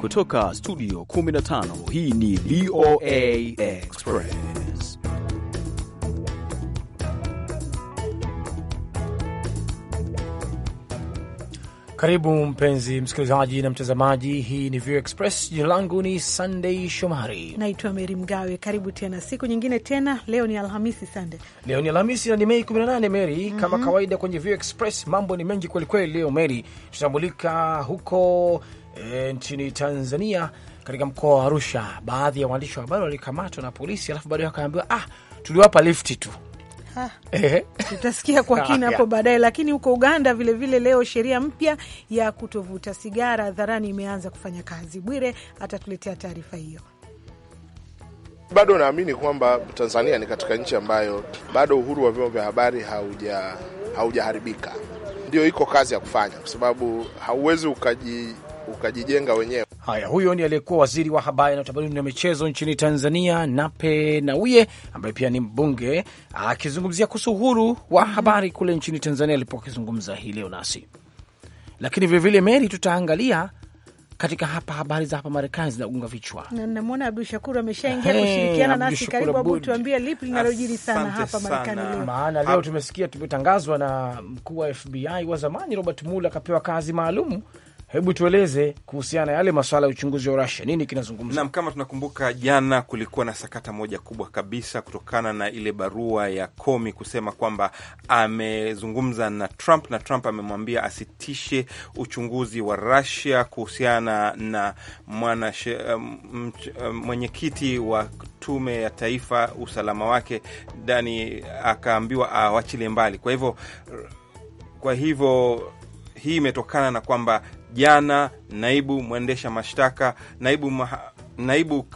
Kutoka studio 15 hii ni VOA Express. Karibu mpenzi msikilizaji na mtazamaji, hii ni VOA Express. Jina langu ni Sunday Shomari, naitwa Meri Mgawe. Karibu tena siku nyingine tena, leo ni Alhamisi Sunday, leo ni Alhamisi na ni Mei 18. Meri, mm -hmm. kama kawaida kwenye VOA Express mambo ni mengi kwelikweli. Leo Meri, tutambulika huko e, nchini Tanzania katika mkoa wa Arusha, baadhi ya waandishi wa habari walikamatwa na polisi, alafu baadaye wakaambiwa ah, tuliwapa lifti tu. Tutasikia kwa kina hapo baadaye. Lakini huko Uganda vilevile vile leo sheria mpya ya kutovuta sigara hadharani imeanza kufanya kazi. Bwire atatuletea taarifa hiyo. Bado naamini kwamba Tanzania ni katika nchi ambayo bado uhuru wa vyombo vya habari haujaharibika, hauja ndio iko kazi ya kufanya, kwa sababu hauwezi ukaji ukajijenga wenyewe. Haya, huyo ni aliyekuwa waziri wa habari na utamaduni na michezo nchini Tanzania, Nape Nnauye, ambaye pia ni mbunge, akizungumzia kuhusu uhuru wa habari kule nchini Tanzania alipo akizungumza hii leo nasi. Lakini vilevile Meri, tutaangalia katika hapa habari za hapa Marekani zinagonga vichwa. Namwona Abdu Shakur ameshaingia kushirikiana nasi. Karibu Abu, tuambie lipi linalojiri sana hapa Marekani leo, maana leo tumesikia tumetangazwa na mkuu wa FBI wa zamani Robert Mueller akapewa kazi maalumu Hebu tueleze kuhusiana na yale maswala ya uchunguzi wa rasia nini kinazungumzwa? Naam, kama tunakumbuka, jana kulikuwa na sakata moja kubwa kabisa kutokana na ile barua ya Komi kusema kwamba amezungumza na Trump na Trump amemwambia asitishe uchunguzi wa Rusia kuhusiana na mwenyekiti wa tume ya taifa usalama wake Dani, akaambiwa awachile mbali. Kwa hivyo kwa hivyo hii imetokana na kwamba jana naibu mwendesha mashtaka, naibu maha, naibu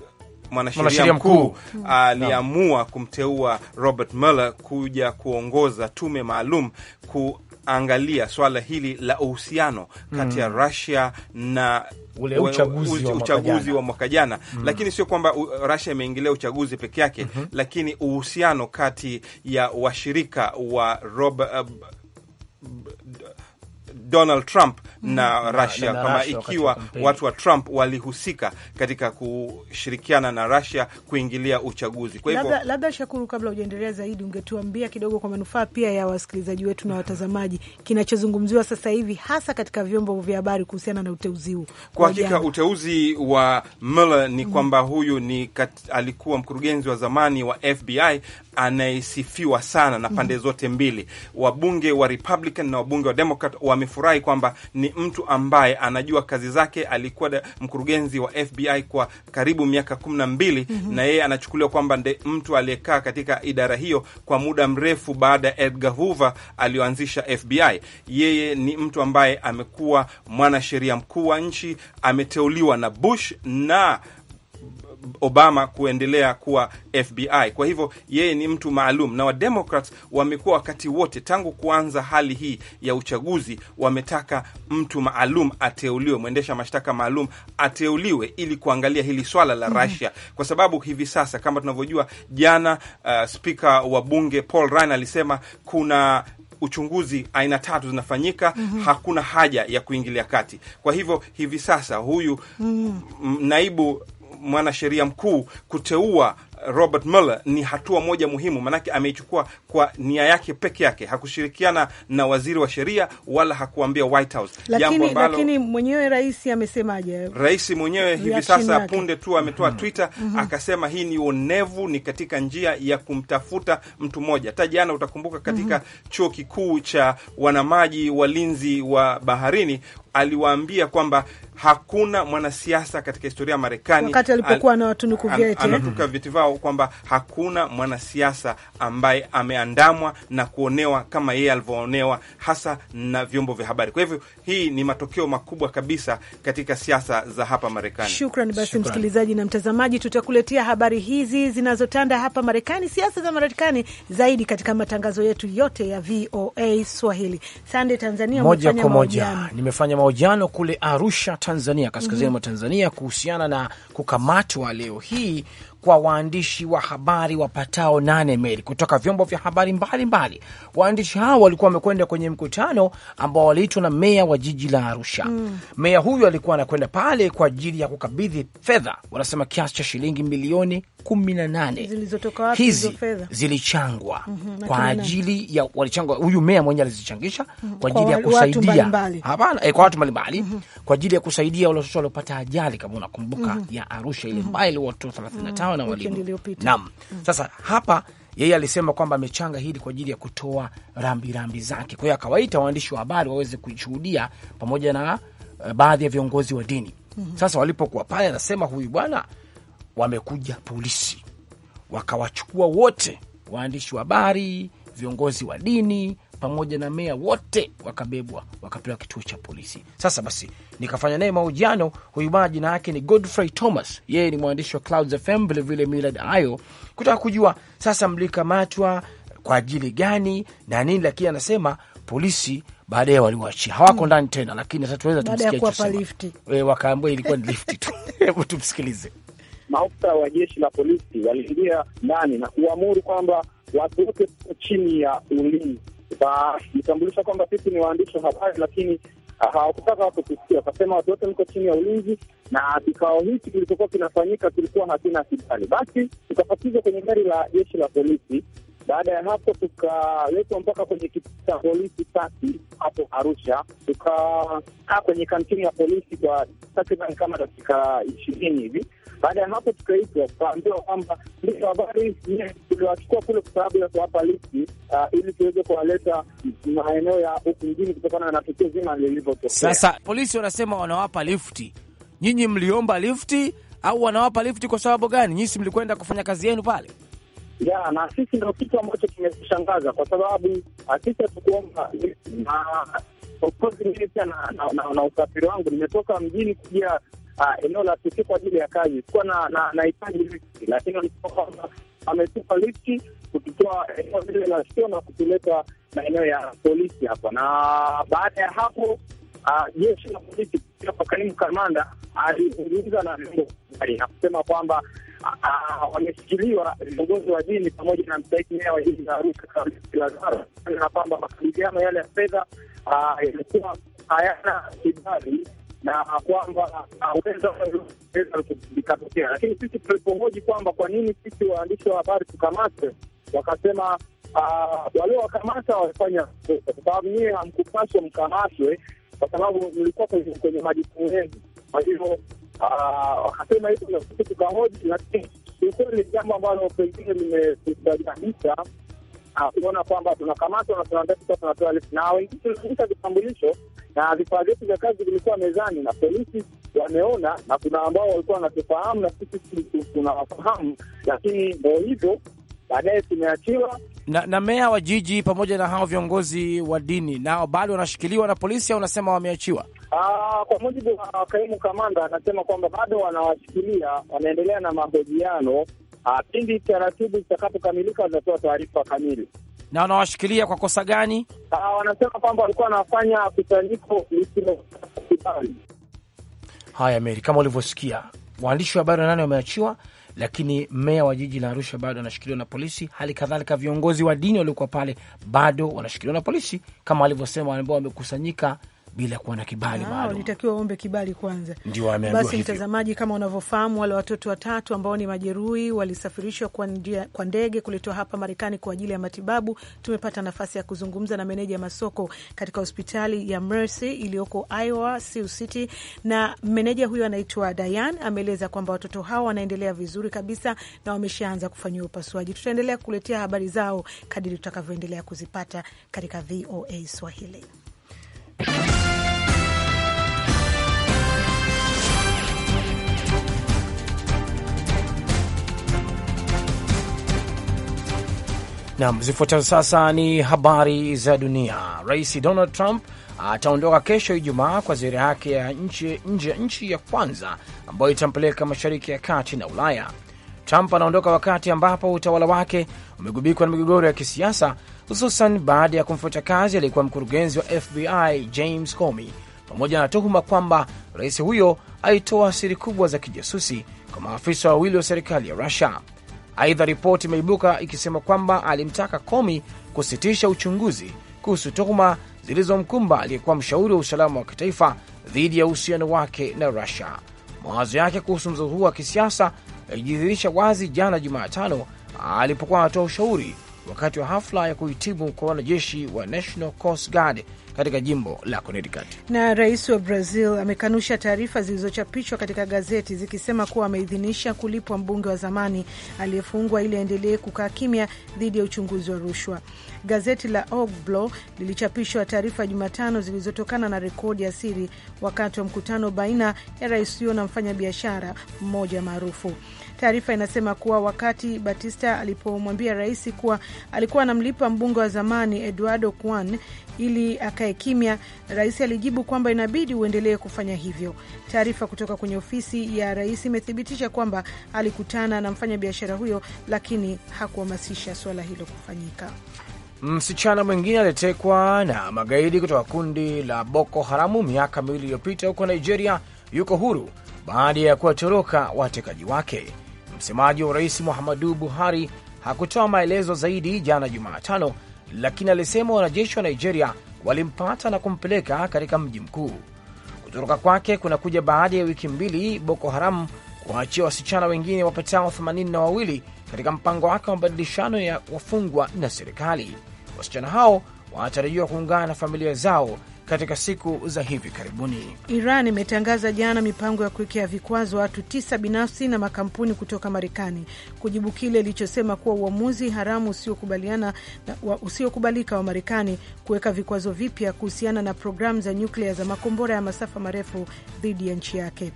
mwanasheria mkuu hmm. aliamua no. kumteua Robert Mueller kuja kuongoza tume maalum kuangalia swala hili la uhusiano kati ya mm. Russia na ule uchaguzi, uchaguzi wa mwaka jana mm. Lakini sio kwamba Russia imeingilia uchaguzi peke yake mm -hmm. Lakini uhusiano kati ya washirika wa Robert, uh, Donald Trump mm. na rasia Russia na, na kama Russia ikiwa watu wa Trump walihusika katika kushirikiana na Russia kuingilia uchaguzi. Kwa hivyo labda, Shakuru, kabla hujaendelea zaidi, ungetuambia kidogo kwa manufaa pia ya wasikilizaji wetu na watazamaji kinachozungumziwa sasa hivi hasa katika vyombo vya habari kuhusiana na uteuzi huu. Kwa hakika uteuzi wa Mueller ni mm, kwamba huyu ni kat, alikuwa mkurugenzi wa zamani wa FBI anayesifiwa sana na pande mm. zote mbili, wabunge wa Republican na wabunge wa Democrat wame wamefurahi kwamba ni mtu ambaye anajua kazi zake. Alikuwa da, mkurugenzi wa FBI kwa karibu miaka kumi na mbili mm -hmm. na yeye anachukuliwa kwamba ndiye mtu aliyekaa katika idara hiyo kwa muda mrefu baada ya Edgar Hoover aliyoanzisha FBI. Yeye ni mtu ambaye amekuwa mwanasheria mkuu wa nchi, ameteuliwa na Bush na Obama kuendelea kuwa FBI. Kwa hivyo yeye ni mtu maalum, na Wademokrat wamekuwa wakati wote tangu kuanza hali hii ya uchaguzi wametaka mtu maalum ateuliwe, mwendesha mashtaka maalum ateuliwe ili kuangalia hili swala la mm -hmm. Russia, kwa sababu hivi sasa kama tunavyojua, jana uh, spika wa bunge Paul Ryan alisema kuna uchunguzi aina tatu zinafanyika. mm -hmm. Hakuna haja ya kuingilia kati. Kwa hivyo hivi sasa huyu mm -hmm. naibu mwanasheria mkuu kuteua Robert Mueller ni hatua moja muhimu, maanake ameichukua kwa nia yake peke yake, hakushirikiana na waziri wa sheria wala hakuambia White House, lakini mwenyewe rais amesemaje? Rais mwenyewe hivi sasa punde tu ametoa mm -hmm. Twitter mm -hmm. akasema hii ni onevu, ni katika njia ya kumtafuta mtu mmoja. Hata jana utakumbuka katika mm -hmm. chuo kikuu cha wanamaji walinzi wa baharini aliwaambia kwamba hakuna mwanasiasa katika historia ya Marekani wakati alipokuwa anawatunuku vyeti, mhm. vyeti vao kwao kwamba hakuna mwanasiasa ambaye ameandamwa na kuonewa kama yeye alivyoonewa hasa na vyombo vya habari. Kwa hivyo hii ni matokeo makubwa kabisa katika siasa za hapa Marekani. Shukran basi Shukran. Msikilizaji na mtazamaji, tutakuletea habari hizi zinazotanda hapa Marekani, siasa za Marekani zaidi katika matangazo yetu yote ya VOA Swahili. Sande Tanzania, moja kwa moja nimefanya mahojiano kule Arusha, Tanzania, kaskazini mhm. mwa mm -hmm. Tanzania kuhusiana na kukamatwa leo hii kwa waandishi wa habari wapatao nane meli kutoka vyombo vya habari mbalimbali. Waandishi hao walikuwa wamekwenda kwenye mkutano ambao waliitwa na meya wa jiji la Arusha. Mm. Meya huyu alikuwa anakwenda pale kwa ajili ya kukabidhi fedha, wanasema kiasi cha shilingi milioni kumi na nane. Hizi zilichangwa mm -hmm, kwa ajili ya walichangwa, huyu meya mwenyewe alizichangisha mhm. kwa ajili ya kusaidia hapana, eh, kwa watu mbalimbali mm -hmm, kwa ajili ya kusaidia wale waliopata ajali, kama unakumbuka, mm -hmm, ya Arusha ile mhm. mbaya, watoto 35 sawa na walimu. Naam. Mm. Sasa hapa yeye alisema kwamba amechanga hili kwa ajili ya kutoa rambirambi rambi zake. Kwa hiyo akawaita waandishi wa habari waweze kuishuhudia pamoja na uh, baadhi ya viongozi wa dini. Mm-hmm. Sasa walipokuwa pale, anasema huyu bwana, wamekuja polisi wakawachukua wote, waandishi wa habari, viongozi wa dini, pamoja na meya wote wakabebwa wakapewa kituo cha polisi. Sasa basi, nikafanya naye mahojiano. Huyu bwana jina yake ni Godfrey Thomas, yeye ni mwandishi wa Clouds FM, vilevile Millard Ayo, kutaka kujua sasa mlikamatwa kwa ajili gani na nini, lakini anasema polisi baadaye waliwaachia, hawako hmm. ndani tena, lakini sasa tunaweza tumsikie, eh, wakaambia ilikuwa ni lifti tu. Hebu tumsikilize. Maofisa wa jeshi la polisi waliingia ndani na kuamuru kwamba watu wote chini ya ulinzi nitambulisha kwamba sisi ni waandishi wa habari, lakini ah, hawakutaka watu kusikia, wakasema watu wote mko chini ya ulinzi, na kikao hiki kilichokuwa kinafanyika kilikuwa hakina kibali. Basi tukapatizwa kwenye gari la jeshi la polisi. Baada ya hapo tukaletwa mpaka kwenye kituo cha polisi Tasi hapo Arusha, tukakaa kwenye kantini ya polisi kwa takriban kama dakika ishirini hivi baada ya hapo, tukaitwa tukaambiwa kwamba ndio habari tuliwachukua kule kwa sababu ya kuwapa listi ah, ili tuweze kuwaleta maeneo ya huku mjini kutokana na tukio zima lilivyotokea. Sasa polisi wanasema wanawapa lifti, nyinyi mliomba lifti au wanawapa lifti kwa sababu gani? Nyinyi mlikwenda kufanya kazi yenu pale ya na sisi ndio kitu ambacho kimetushangaza kwa sababu sisi hatukuomba na na usafiri wangu nimetoka mjini kuja Ah, eneo la tuki kwa ajili ya kazi, sikuwa na nahitaji lifti, lakini walisema kwamba ametupa lifti kututoa eneo lile la sio na kutuleta maeneo ya polisi hapa. Na baada ya hapo ah, jeshi la polisi kupitia kwa kaimu kamanda alizungumza na vyombo habari na kusema kwamba ah, wameshikiliwa viongozi wa dini pamoja na mstahiki meya wa jiji la Arusha Lazaro, na kwamba makabiliano yale ya fedha yalikuwa hayana kibali na kwamba huenda likatokea, lakini sisi tulipohoji kwamba kwa nini sisi waandishi wa habari tukamatwe, wakasema ah, waliowakamata wamefanya kwa sababu nyie hamkupaswa mkamatwe, kwa sababu mlikuwa kwenye majukumu yenu. Kwa hivyo ah, wakasema hivyo, na sisi tukahoji, lakini kiukweli ni jambo ambalo pengine limekubalika kuona kwamba tunakamatwa na tunataka tunatoa listi, na tunakuta vitambulisho na vifaa vyetu vya kazi vilikuwa mezani, na polisi wameona, na kuna ambao walikuwa wanatufahamu na sisi tunawafahamu, lakini ndio hivyo, baadaye tumeachiwa na, na meya wa jiji pamoja na hao viongozi wa dini nao bado wanashikiliwa na polisi, au unasema wameachiwa? Aa, ah, kwa mujibu wa kaimu kamanda anasema kwamba bado wanawashikilia, wanaendelea na mahojiano Ah, pindi taratibu zitakapokamilika zinatoa taarifa kamili. Na wanawashikilia kwa kosa gani? Ah, wanasema kwamba walikuwa wanafanya kusanyiko lisilo kibali. Haya, Meri, kama ulivyosikia waandishi wa habari wanane wameachiwa, lakini meya wa jiji la Arusha bado anashikiliwa na polisi. Hali kadhalika viongozi wa dini waliokuwa pale bado wanashikiliwa na polisi, kama walivyosema, ambao wamekusanyika bila kuwa na kibali ah, maalum. Nitakiwa ombe kibali kwanza, ndio ameambiwa basi. Mtazamaji, kama unavyofahamu, wale watoto watatu ambao ni majeruhi walisafirishwa kwa ndege kuletwa hapa Marekani kwa ajili ya matibabu. Tumepata nafasi ya kuzungumza na meneja masoko katika hospitali ya Mercy iliyoko Iowa, Sioux City, na meneja huyo anaitwa Diane. Ameeleza kwamba watoto hao wanaendelea vizuri kabisa na wameshaanza kufanyiwa upasuaji. Tutaendelea kuletea habari zao kadiri tutakavyoendelea kuzipata katika VOA Swahili. Nam zifuatazo sasa ni habari za dunia. Rais Donald Trump ataondoka kesho Ijumaa kwa ziara yake ya nje ya nchi ya kwanza ambayo itampeleka mashariki ya kati na Ulaya. Trump anaondoka wakati ambapo utawala wake umegubikwa na migogoro ya kisiasa hususan baada ya kumfuta kazi aliyekuwa mkurugenzi wa FBI James Comey, pamoja na tuhuma kwamba rais huyo alitoa siri kubwa za kijasusi kwa maafisa wawili wa serikali ya Rusia. Aidha, ripoti imeibuka ikisema kwamba alimtaka Comey kusitisha uchunguzi kuhusu tuhuma zilizomkumba aliyekuwa mshauri wa usalama wa kitaifa dhidi ya uhusiano wake na Rusia. Mawazo yake kuhusu mzozo huo wa kisiasa yalijidhihirisha wazi jana Jumatano alipokuwa anatoa ushauri wakati wa hafla ya kuhitimu kwa wanajeshi wa National Coast Guard katika jimbo la Connecticut. Na rais wa Brazil amekanusha taarifa zilizochapishwa katika gazeti zikisema kuwa ameidhinisha kulipwa mbunge wa zamani aliyefungwa ili aendelee kukaa kimya dhidi ya uchunguzi wa rushwa. Gazeti la Ogblo lilichapishwa taarifa Jumatano zilizotokana na rekodi ya siri wakati wa mkutano baina ya rais huyo na mfanyabiashara mmoja maarufu. Taarifa inasema kuwa wakati Batista alipomwambia rais kuwa alikuwa anamlipa mbunge wa zamani Eduardo Kwan ili akae kimya, rais alijibu kwamba inabidi uendelee kufanya hivyo. Taarifa kutoka kwenye ofisi ya rais imethibitisha kwamba alikutana na mfanyabiashara huyo, lakini hakuhamasisha suala hilo kufanyika. Msichana mwingine alitekwa na magaidi kutoka kundi la Boko Haramu miaka miwili iliyopita huko Nigeria yuko huru baada ya kuwatoroka watekaji wake. Msemaji wa Rais Muhammadu Buhari hakutoa maelezo zaidi jana Jumatano, lakini alisema wanajeshi wa Nigeria walimpata na kumpeleka katika mji mkuu. Kutoroka kwake kunakuja baada ya wiki mbili Boko Haram kuwaachia wasichana wengine wapatao themanini na wawili katika mpango wake wa mabadilishano ya wafungwa na serikali. Wasichana hao wanatarajiwa kuungana na familia zao katika siku za hivi karibuni. Iran imetangaza jana mipango ya kuwekea vikwazo watu tisa binafsi na makampuni kutoka Marekani kujibu kile ilichosema kuwa uamuzi haramu usiokubaliana usiokubalika wa Marekani kuweka vikwazo vipya kuhusiana na programu za nyuklia za makombora ya masafa marefu dhidi ya nchi yake.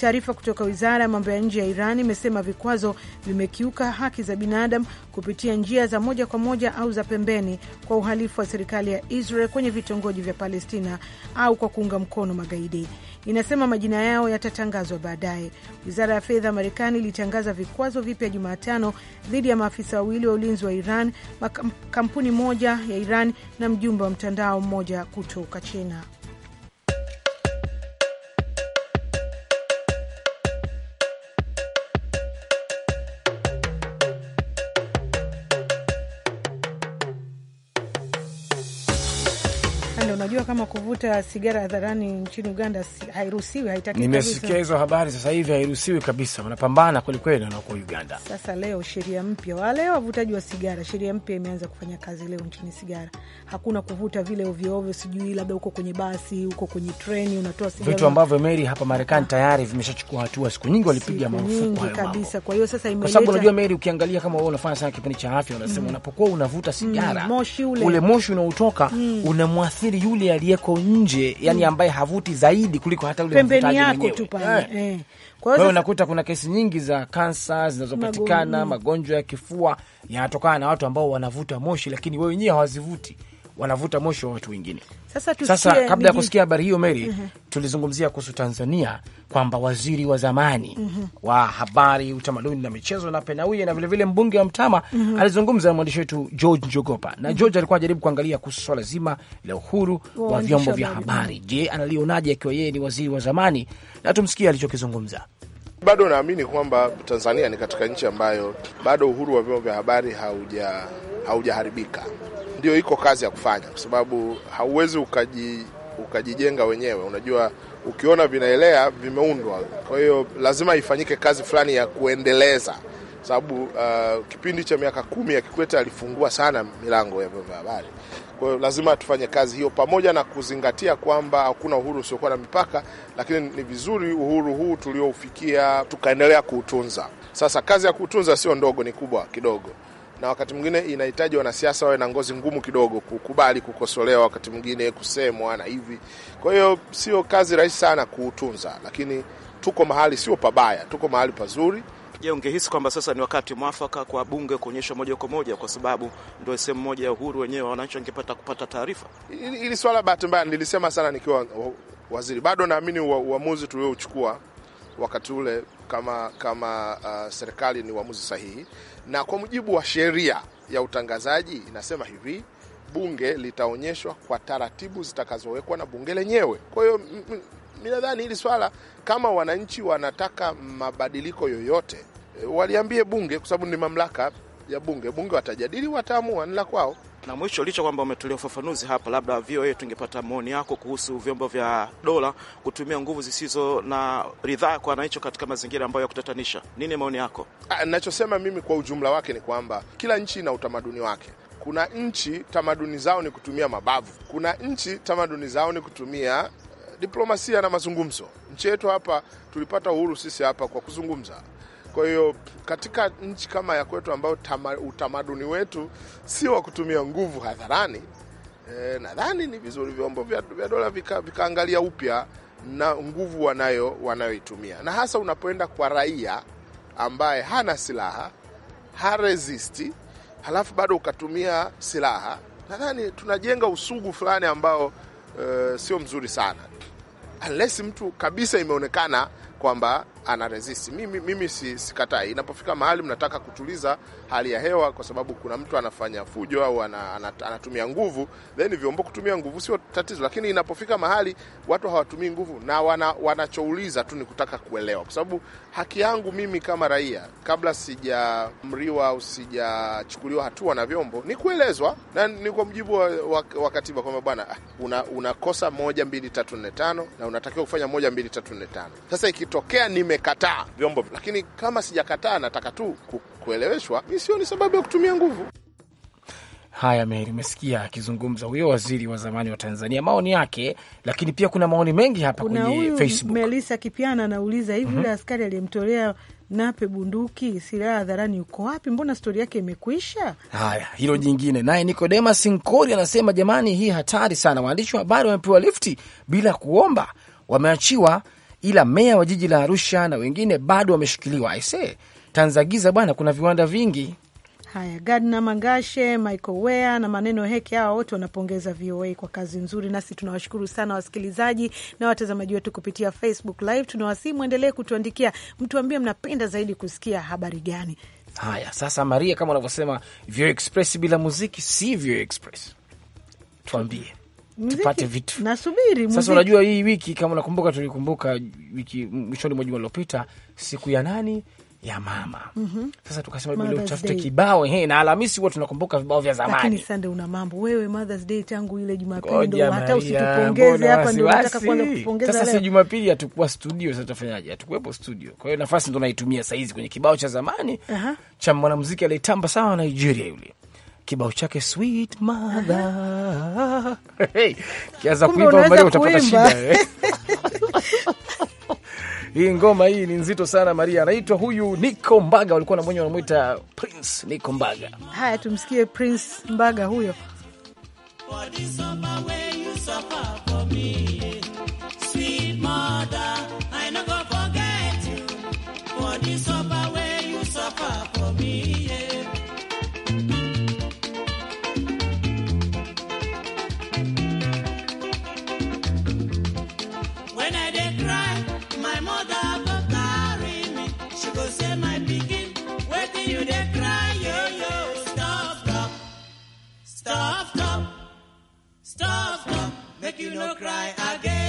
Taarifa kutoka wizara ya mambo ya nje ya Iran imesema vikwazo vimekiuka haki za binadamu kupitia njia za moja kwa moja au za pembeni kwa uhalifu wa serikali ya Israel kwenye vitongoji vya Palestina au kwa kuunga mkono magaidi. Inasema majina yao yatatangazwa baadaye. Wizara ya fedha ya Marekani ilitangaza vikwazo vipya Jumatano dhidi ya maafisa wawili wa ulinzi wa Iran, kampuni moja ya Iran na mjumbe wa mtandao mmoja kutoka China. Unajua kama kuvuta sigara hadharani nchini Uganda hairuhusiwi, haitaki. Nimesikia hizo habari sasa hivi, hairuhusiwi kabisa, wanapambana kwelikweli wanaoko Uganda. Sasa leo sheria mpya wale wavutaji wa sigara, sheria mpya imeanza kufanya kazi leo nchini sigara. Hakuna kuvuta vile ovyoovyo, sijui labda huko kwenye basi, huko kwenye treni unatoa sigara, vitu ambavyo Meri hapa Marekani tayari vimeshachukua hatua, siku nyingi walipiga marufuku kabisa. Kwa hiyo sasa imeleta, kwa sababu unajua Meri, ukiangalia kama wewe unafanya sana kipindi cha afya, unasema mm, unapokuwa unavuta mm, sigara mm, moshi ule, ule moshi unaotoka mm, unamwathiri yule aliyeko nje, yani hmm. ambaye havuti zaidi kuliko hata ule pembeni yako tu pale eh. eh. Kwa hiyo unakuta kuna kesi nyingi za kansa zinazopatikana, magonjwa ya kifua yanatokana na watu ambao wanavuta moshi, lakini wewe wenyewe hawazivuti wanavuta moshi wa watu wengine. Sasa, sasa kabla ya kusikia habari hiyo Meri, mm -hmm. tulizungumzia kuhusu Tanzania kwamba waziri wa zamani mm -hmm. wa habari, utamaduni na michezo na Nnauye na vilevile mbunge wa Mtama mm -hmm. alizungumza na mwandishi wetu George Njogopa na mhm. George alikuwa ajaribu kuangalia kuhusu swala zima la uhuru wa vyombo vya habari. Je, analionaje akiwa yeye ni waziri wa zamani? Na tumsikie alichokizungumza. Bado naamini kwamba Tanzania ni katika nchi ambayo bado uhuru wa vyombo vya habari haujaharibika ndio iko kazi ya kufanya, kwa sababu hauwezi ukaji ukajijenga wenyewe. Unajua, ukiona vinaelea vimeundwa, kwa hiyo lazima ifanyike kazi fulani ya kuendeleza, sababu uh, kipindi cha miaka kumi ya Kikwete alifungua sana milango ya vyombo vya habari. Kwa hiyo lazima tufanye kazi hiyo, pamoja na kuzingatia kwamba hakuna uhuru usiokuwa na mipaka, lakini ni vizuri uhuru huu tulioufikia tukaendelea kuutunza. Sasa kazi ya kuutunza sio ndogo, ni kubwa kidogo na wakati mwingine inahitaji wanasiasa wawe na ngozi ngumu kidogo kukubali kukosolewa, wakati mwingine kusemwa na hivi. Kwa hiyo sio kazi rahisi sana kuutunza, lakini tuko mahali sio pabaya, tuko mahali pazuri. Je, ungehisi kwamba sasa ni wakati mwafaka kwa bunge kuonyesha moja kwa moja, kwa sababu ndio sehemu moja ya uhuru wenyewe wananchi wangepata kupata taarifa? Hili swala bahati mbaya nilisema sana nikiwa waziri, bado naamini uamuzi tuliouchukua wakati ule kama, kama uh, serikali ni uamuzi sahihi, na kwa mujibu wa sheria ya utangazaji inasema hivi, bunge litaonyeshwa kwa taratibu zitakazowekwa na bunge lenyewe. Kwa hiyo mi nadhani hili swala, kama wananchi wanataka mabadiliko yoyote, e, waliambie bunge, kwa sababu ni mamlaka ya bunge. Bunge watajadili, wataamua, ni la kwao. Na mwisho, licha kwamba umetolea ufafanuzi hapa, labda VOA tungepata maoni yako kuhusu vyombo vya dola kutumia nguvu zisizo na ridhaa kwa wananchi katika mazingira ambayo ya kutatanisha. Nini maoni yako? Ah, Nachosema mimi kwa ujumla wake ni kwamba kila nchi ina utamaduni wake. Kuna nchi tamaduni zao ni kutumia mabavu, kuna nchi tamaduni zao ni kutumia eh, diplomasia na mazungumzo. Nchi yetu hapa tulipata uhuru sisi hapa kwa kuzungumza kwa hiyo katika nchi kama ya kwetu ambayo utamaduni wetu sio wa kutumia nguvu hadharani, e, nadhani ni vizuri vyombo vya, vya dola vikaangalia vika upya na nguvu wanayo wanayoitumia, na hasa unapoenda kwa raia ambaye hana silaha haresisti, halafu bado ukatumia silaha, nadhani tunajenga usugu fulani ambao e, sio mzuri sana unless mtu kabisa imeonekana kwamba ana resist. Mimi, mimi sikatai. Inapofika mahali mnataka kutuliza hali ya hewa, kwa sababu kuna mtu anafanya fujo au anatumia nguvu, then vyombo kutumia nguvu sio tatizo, lakini inapofika mahali watu hawatumii nguvu na wana, wanachouliza tu ni kutaka kuelewa, kwa sababu haki yangu mimi kama raia, kabla sijaamriwa au sijachukuliwa hatua na vyombo, ni kuelezwa na ni kwa mujibu wa, wa, wa katiba kwamba bwana, unakosa una moja mbili tatu nne tano na unatakiwa kufanya moja mbili tatu nne tano. Sasa ikitokea nime nimekataa vyombo, lakini kama sijakataa, nataka tu kueleweshwa, mi sioni sababu ya kutumia nguvu. Haya, Meri, umesikia akizungumza huyo waziri wa zamani wa Tanzania, maoni yake. Lakini pia kuna maoni mengi hapa kwenye Facebook. Melisa Kipiana anauliza hivi, mhm. yule mm -hmm. askari aliyemtolea Nape bunduki silaha hadharani yuko wapi? Mbona stori yake imekwisha? Haya, hilo jingine. Naye Nikodema Sinkori anasema jamani, hii hatari sana, waandishi wa habari wamepewa lifti bila kuomba, wameachiwa ila meya wa jiji la Arusha na wengine bado wameshikiliwa. Aise, Tanzagiza bwana, kuna viwanda vingi. Haya, Gadna Mangashe, Michael Wea na maneno heke, hawa wote wanapongeza VOA kwa kazi nzuri. Nasi tunawashukuru sana wasikilizaji na watazamaji wetu kupitia Facebook Live. Tunawasihi mwendelee kutuandikia, mtuambie mnapenda zaidi kusikia habari gani. Haya, sasa Maria, kama unavyosema VOA Express bila muziki si VOA Express, tuambie tupate vitu. Nasubiri sasa. Unajua hii wiki kama unakumbuka, tulikumbuka wiki mwishoni mwa juma lilopita, siku ya nani ya mama. Mm -hmm. Sasa tukasema bila utafute kibao he, na Alhamisi huwa tunakumbuka vibao vya zamani. Lakini sande, una mambo wewe, Mother's Day tangu ile Jumapili ndio hata usitupongeze hapa, ndio nataka kwanza kupongeza leo. Sasa si Jumapili hatukuwa studio, sasa tutafanyaje? Hatukuwepo studio, kwa hiyo nafasi ndo naitumia saizi kwenye kibao cha zamani uh -huh. cha mwanamuziki aliyetamba sana Nigeria yule kibao chake sweet mother. Hey, kianza kuimba mbali utapata shida eh. hii ngoma hii ni nzito sana Maria. Anaitwa huyu Niko Mbaga, walikuwa na mwenye wanamwita Prince Niko Mbaga. Haya, tumsikie Prince Mbaga huyo. no cry again.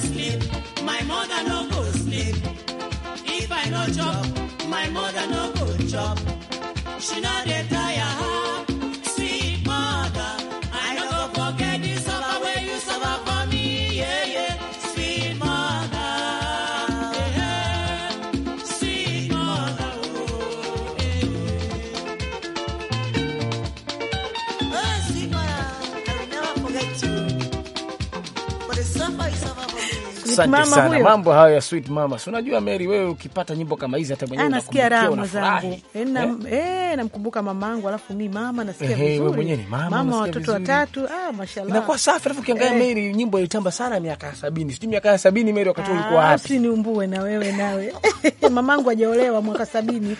sleep, my mother no go sleep. If I no chop, my mother no go chop. She not. Asante sana, mambo hayo ya sweet mama. Si unajua Mary, wewe ukipata nyimbo kama hizi hata mwenyewe unasikia raha zangu. Eh, eh? eh, namkumbuka mamangu, alafu mimi mama nasikia vizuri. Wewe mwenyewe ni mama, mama watoto watatu. Ah, mashallah. Inakuwa safi, alafu ukiangalia eh. Mary, nyimbo ilitamba sana miaka ya 70. Sijui miaka ya 70 Mary wakati ulikuwa ah, wapi? Basi niumbue na wewe nawe. Mamangu hajaolewa mwaka 70.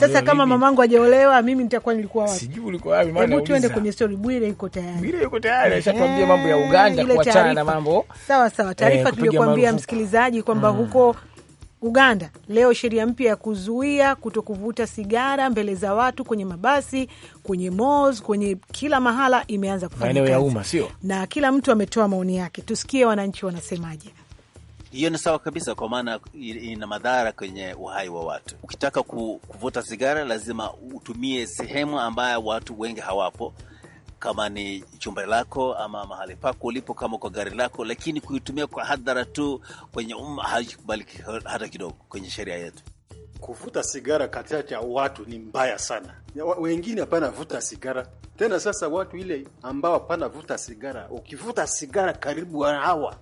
Sasa kama mamangu hajaolewa, mimi nitakuwa nilikuwa wapi? Sijui ulikuwa wapi maana. Hebu tuende kwenye story. Bwire yuko tayari. Bwire yuko tayari. Ashakwambia mambo ya Uganda kuachana na mambo. Sawa sawa. Taarifa tuliyokuwa kumwambia msikilizaji kwamba mm. huko Uganda leo sheria mpya ya kuzuia kuto kuvuta sigara mbele za watu kwenye mabasi, kwenye malls, kwenye kila mahala imeanza kufanya umma, sio na kila mtu ametoa maoni yake. Tusikie wananchi wanasemaje. Hiyo ni sawa kabisa, kwa maana ina madhara kwenye uhai wa watu. Ukitaka kuvuta sigara, lazima utumie sehemu ambayo watu wengi hawapo kama ni chumba lako ama mahali pako ulipo, kama kwa gari lako, lakini kuitumia kwa hadhara tu kwenye umma haikubaliki hata kidogo kwenye sheria yetu. Kuvuta sigara katikati ya watu ni mbaya sana. Wengine hapana vuta sigara tena. Sasa watu ile ambao hapana vuta sigara, ukivuta sigara karibu na hawa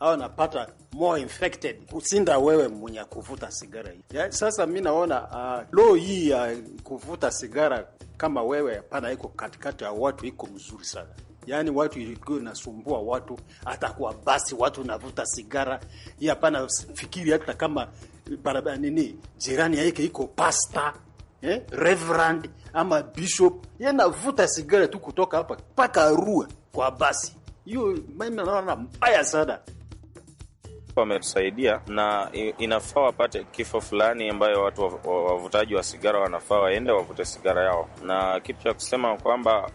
au napata more infected kusinda wewe mwenye kuvuta sigara hii. Sasa mi naona uh, ah, lo hii ya uh, kuvuta sigara kama wewe pana iko katikati ya watu iko mzuri sana. Yaani watu ilikuwa inasumbua watu hata kwa basi watu navuta sigara. Hii hapana fikiri hata kama barabara nini jirani yake iko pasta, eh, reverend ama bishop, yeye navuta sigara tu kutoka hapa mpaka rua kwa basi. Hiyo mimi naona mbaya sana wametusaidia na inafaa wapate kifo fulani ambayo watu wavutaji wa sigara wanafaa waende wavute sigara yao, na kitu cha kusema kwamba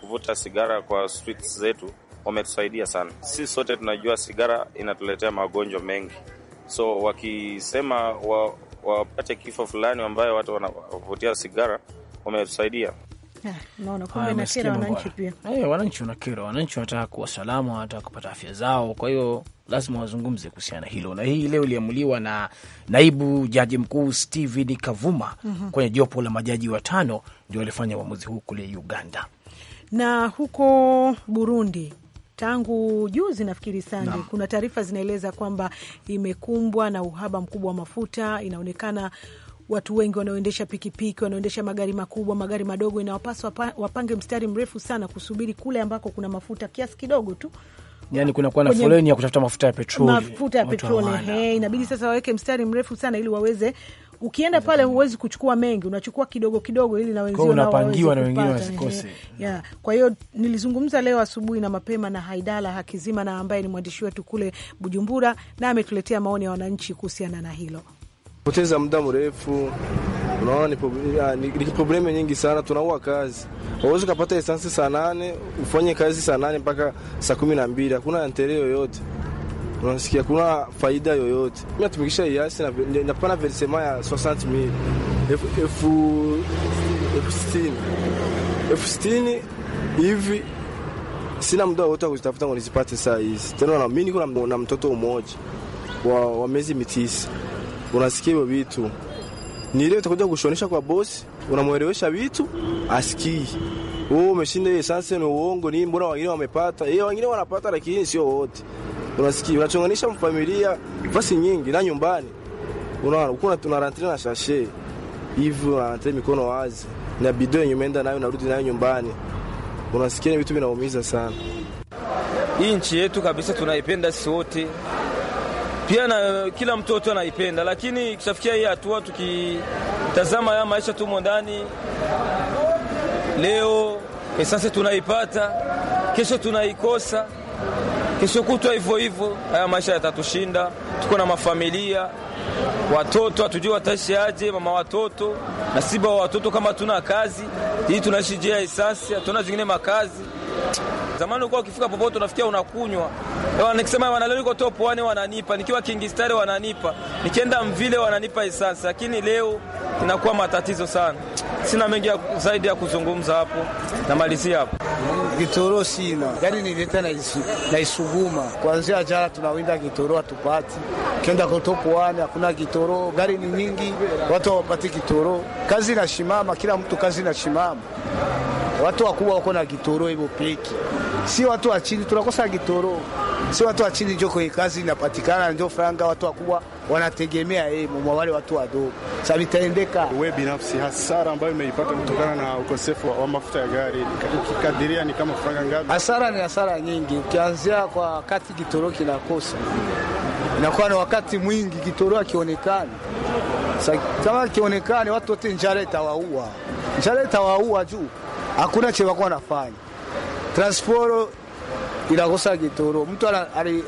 kuvuta sigara kwa streets zetu wametusaidia sana. si sote tunajua sigara inatuletea magonjwa mengi, so wakisema wa, wapate kifo fulani ambayo watu wanavutia sigara wametusaidia wananchi pia. Eh, wananchi wanakera, wananchi wanataka kuwa salama, wanataka kupata afya zao, kwa hiyo lazima wazungumze kuhusiana na hilo, na hii leo iliamuliwa na naibu jaji mkuu stehen Kavuma mm -hmm. kwenye jopo la majaji watano ndio walifanya uamuzi huu kule Uganda na huko Burundi tangu juzi nafikiri sana, kuna taarifa zinaeleza kwamba imekumbwa na uhaba mkubwa wa mafuta. Inaonekana watu wengi wanaoendesha pikipiki, wanaoendesha magari makubwa, magari madogo, inawapaswa wapange mstari mrefu sana kusubiri kule ambako kuna mafuta kiasi kidogo tu Yani kunakuwa na foleni ya kutafuta mafuta ya petroli, mafuta ya petroli hey, inabidi sasa waweke mstari mrefu sana ili waweze. Ukienda pale huwezi kuchukua mengi, unachukua kidogo kidogo ili na wenzio unapangiwa na wengine wasikose. Yeah. Kwa hiyo nilizungumza leo asubuhi na mapema na Haidala Hakizima na ambaye ni mwandishi wetu kule Bujumbura, na ametuletea maoni ya wananchi kuhusiana na hilo poteza muda mrefu. Unaona ni, ni, ni probleme nyingi sana. Tunaua kazi, wawezi kupata esansi saa nane ufanye kazi saa nane mpaka saa kumi na mbili hakuna ntere yoyote unasikia, kuna faida yoyote. Mimi natumikisha iasi napana versema ya 60000 elfu sitini elfu sitini hivi sina muda wote wa kuzitafuta ngo nizipate saa hizi tena, na mimi niko na mtoto mmoja wa, wa miezi mitisa unasikia hivyo vitu. Ni ile utakuja kushonesha kwa bosi, unamwelewesha vitu asikii. Wewe umeshinda hiyo sasa, ni uongo ni mbona wengine wamepata? hiyo, eh, wengine wanapata lakini sio wote. Unasikia unachonganisha mfamilia basi nyingi na nyumbani. Unaona huko tuna rantre na shashe. hivyo, unarantina mikono wazi na bidon yenye umeenda nayo narudi nayo nyumbani. Unasikia vitu vinaumiza sana. Hii nchi yetu kabisa tunaipenda sisi wote pia na kila mtoto anaipenda, lakini kishafikia hii hatua, tukitazama haya maisha tumo ndani leo, esase eh, tunaipata, kesho tunaikosa, kesho kutwa hivyo hivyo. Haya maisha yatatushinda, tuko na mafamilia, watoto hatujui wataishi aje, mama watoto na siba wa watoto. Kama tuna kazi hii, tunaishi jia ya esasi, hatuna zingine makazi. Zamani ukuwa ukifika popote unafikia unakunywa Nikisema wanaloligo top 1 wananipa, nikiwa Kingstari wananipa, nikienda Mvile wananipa isansi, lakini leo inakuwa matatizo sana. Sina mengi zaidi ya kuzungumza hapo, namalizia hapo. Kitoro sina yani nileta na, isu, na isuguma kwanzia jana tunawinda kitoro hatupati, kenda kotopoani hakuna kitoro, gari ni nyingi, watu hawapati kitoro, kazi na shimama, kila mtu kazi na shimama, watu wakubwa wako na kitoro hivyo peki si watu wa chini tunakosa kitoro, si watu wa chini njo kwenye kazi inapatikana, njo franga watu wakubwa wanategemea yeye mwa wale watu wadogo. Sasa vitaendeka. Wewe binafsi hasara ambayo umeipata kutokana na ukosefu wa mafuta ya gari ukikadiria ni kama franga ngapi? Hasara ni hasara nyingi, ukianzia kwa wakati kitoro kinakosa, inakuwa na wakati mwingi kitoro akionekana kama kionekane, watu wote njara itawaua, njara itawaua juu hakuna chewakuwa nafanya Transporo inakosa kitoro, mtu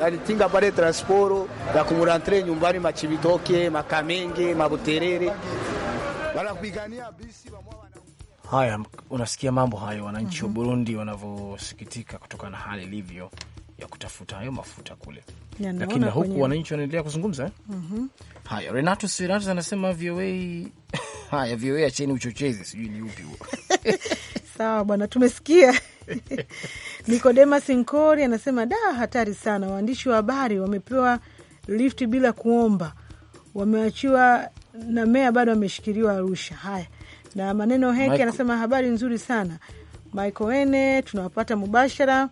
alitinga pale transporo ya kumurantre nyumbani, machibitoke makamenge, mabuterere wanapigania bisi Haya, unasikia mambo hayo, wananchi wa mm -hmm. Burundi wanavyosikitika kutokana na hali ilivyo ya kutafuta hayo mafuta kule, lakini na huku wananchi wanaendelea kuzungumza mm -hmm. Haya, Renato Siratus anasema VOA. Haya, VOA acheni uchochezi, sijui ni upi huo. Sawa bwana, tumesikia Nikodema Nkori anasema da, hatari sana. Waandishi wa habari wamepewa lifti bila kuomba, wameachiwa na meya bado wameshikiliwa Arusha. Haya, na maneno heki anasema habari nzuri sana Michael Ene, tunawapata mubashara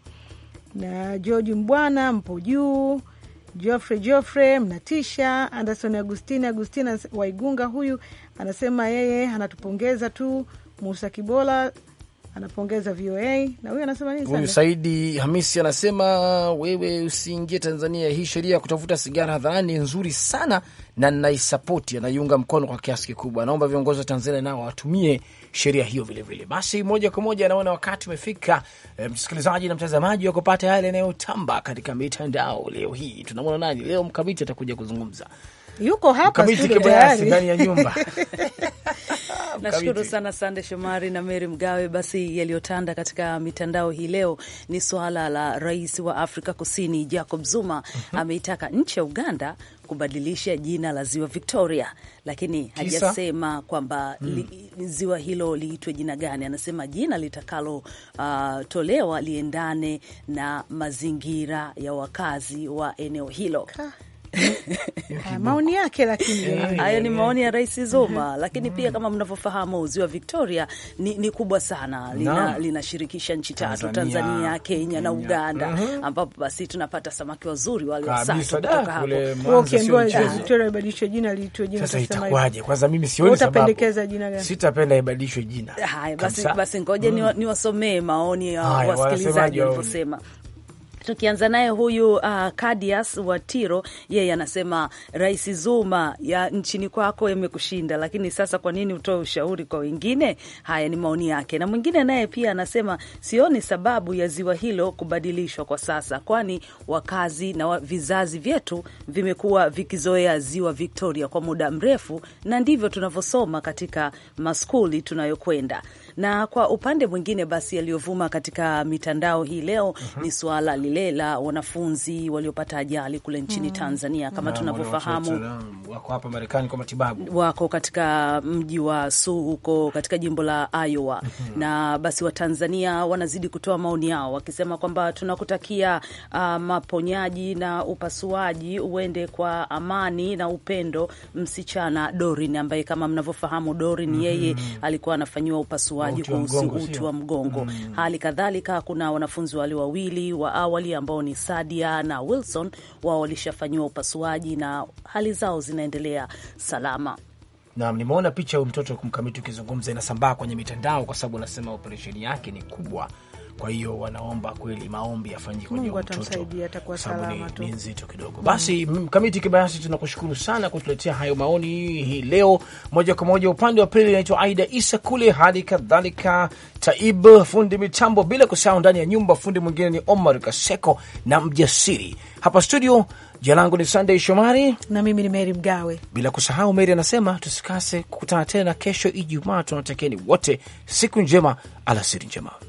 na George Mbwana mpo juu Joffrey Joffrey mnatisha. Anderson agustin Agustina Waigunga huyu anasema yeye anatupongeza tu. Musa Kibola anapongeza VOA na huyu anasema nini? Huyu Saidi Hamisi anasema wewe usiingie Tanzania, hii sheria ya kutafuta sigara hadharani ni nzuri sana na naisapoti anaiunga mkono kwa kiasi kikubwa. Naomba viongozi wa Tanzania nao watumie sheria hiyo vilevile. Basi moja kwa moja anaona wakati umefika, e, msikilizaji na mtazamaji wa kupata yale yanayotamba katika mitandao leo hii. Tunamwona nani leo? Mkamiti atakuja kuzungumza, yuko hapa ndani ya nyumba Nashukuru sana Sande Shomari na Meri Mgawe. Basi yaliyotanda katika mitandao hii leo ni suala la rais wa Afrika Kusini Jacob Zuma mhm. ameitaka nchi ya Uganda kubadilisha jina la ziwa Victoria, lakini hajasema kwamba mm, ziwa hilo liitwe jina gani. Anasema jina litakalotolewa uh, liendane na mazingira ya wakazi wa eneo hilo Ka maoni yake, lakini eh, hayo ni maoni ya Rais Zuma. Mhm. Lakini pia kama mnavyofahamu, ziwa Victoria ni, ni kubwa sana, linashirikisha lina nchi tatu, Tanzania, Kenya na Uganda, mhm. ambapo basi tunapata samaki wazuri wale kutoka hapo. Ukiambiwa ziwa Victoria ibadilishwe jina, liitwe jina, sasa itakuwaje? Kwanza mimi sioni sababu, utapendekeza jina gani? Sitapenda ibadilishwe jina. Haya basi, basi ngoja mm. niwasomee maoni ya wasikilizaji walivyosema tukianza naye huyu uh, Kadias wa Tiro, yeye anasema Rais Zuma ya nchini kwako yamekushinda lakini sasa kwa nini utoe ushauri kwa wengine? Haya ni maoni yake. Na mwingine naye pia anasema sioni sababu ya ziwa hilo kubadilishwa kwa sasa, kwani wakazi na vizazi vyetu vimekuwa vikizoea ziwa Victoria kwa muda mrefu, na ndivyo tunavyosoma katika maskuli tunayokwenda. Na kwa upande mwingine basi, yaliyovuma katika mitandao hii leo mm -hmm. ni suala lile la wanafunzi waliopata ajali kule nchini mm -hmm. Tanzania kama tunavyofahamu, wako hapa Marekani kwa matibabu, wako katika mji wa Suu huko katika jimbo la Iowa mm -hmm. na basi Watanzania wanazidi kutoa maoni yao wakisema kwamba tunakutakia uh, maponyaji na upasuaji uende kwa amani na upendo msichana Dorin ambaye kama mnavyofahamu Dorin mm -hmm. yeye alikuwa anafanyiwa upasuaji utambuaji kuhusu uti wa mgongo mm. Hali kadhalika kuna wanafunzi wale wawili wa awali ambao ni Sadia na Wilson, wao walishafanyiwa upasuaji na hali zao zinaendelea salama. Naam, nimeona picha huyu mtoto kumkamiti ukizungumza inasambaa kwenye mitandao, kwa sababu anasema operesheni yake ni kubwa kwa hiyo wanaomba kweli, maombi yafanyike kwa mtoto, sababu ni nzito kidogo. Basi mkamiti kibayasi, tunakushukuru sana kutuletea hayo maoni hii leo moja kwa moja. Upande wa pili inaitwa Aida Isa kule, hali kadhalika Taib fundi mitambo, bila kusahau ndani ya nyumba fundi mwingine ni Omar Kaseko na mjasiri hapa studio. Jina langu ni Sunday Shomari na mimi ni Mary Mgawe. Bila kusahau Mary anasema tusikase kukutana tena kesho Ijumaa. Tunatakieni wote siku njema, alasiri njema.